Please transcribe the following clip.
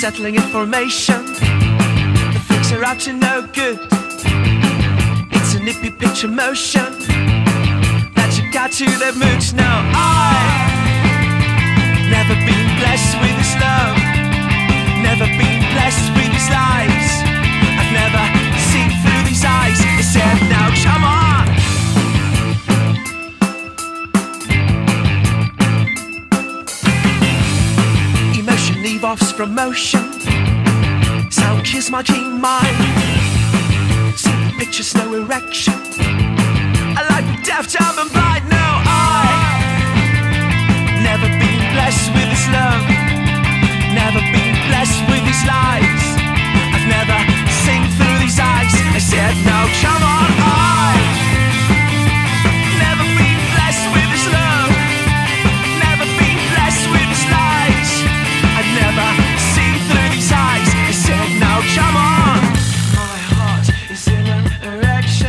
unsettling information. The flicks are out to no good. It's a nippy picture motion that you got to the moods now. Oh. leave offs from motion. Sound is my keen mind. See the picture, no erection. I like the deaf time. erection.